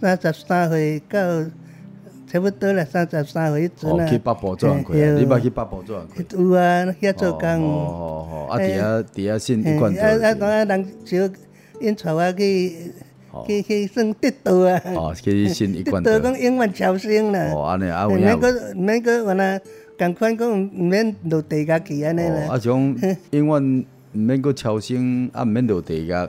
三十三歲，到差不多了。三十三歲，一轉啊，有去八寶莊開啊，你別去八寶去有啊，去做工。哦哦哦，啊，底下底下信一貫道。啊啊，當啊，啊，啊，啊，啊人就因帶我去、哦、去去算得道啊。哦，去信一貫道。得道講永遠超生啦。哦，安尼啊，我講。免擱免擱話呐，同款講唔唔免落地價去安尼啦。哦，啊種、啊啊啊啊、永遠唔免擱超生，啊唔免落地價。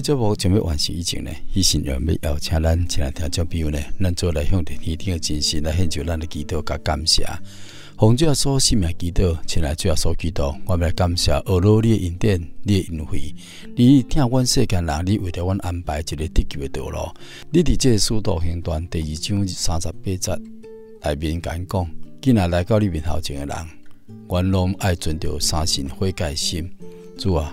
這部準備完成以前的我們來聽這呢，一心要要請咱前來聽節目呢，咱做來向天頂的真神來獻上咱的祈禱加感謝。洪教所信，嘅祈禱，前來教所祈禱，我們來感謝俄羅斯嘅恩典、嘅恩惠。你聽阮世間人，你為着阮安排一個得救的道路。你佇這個使徒行傳第二章三十八節內面講，今仔來到你面頭前嘅人，阮攏愛存着三心悔改心，主啊！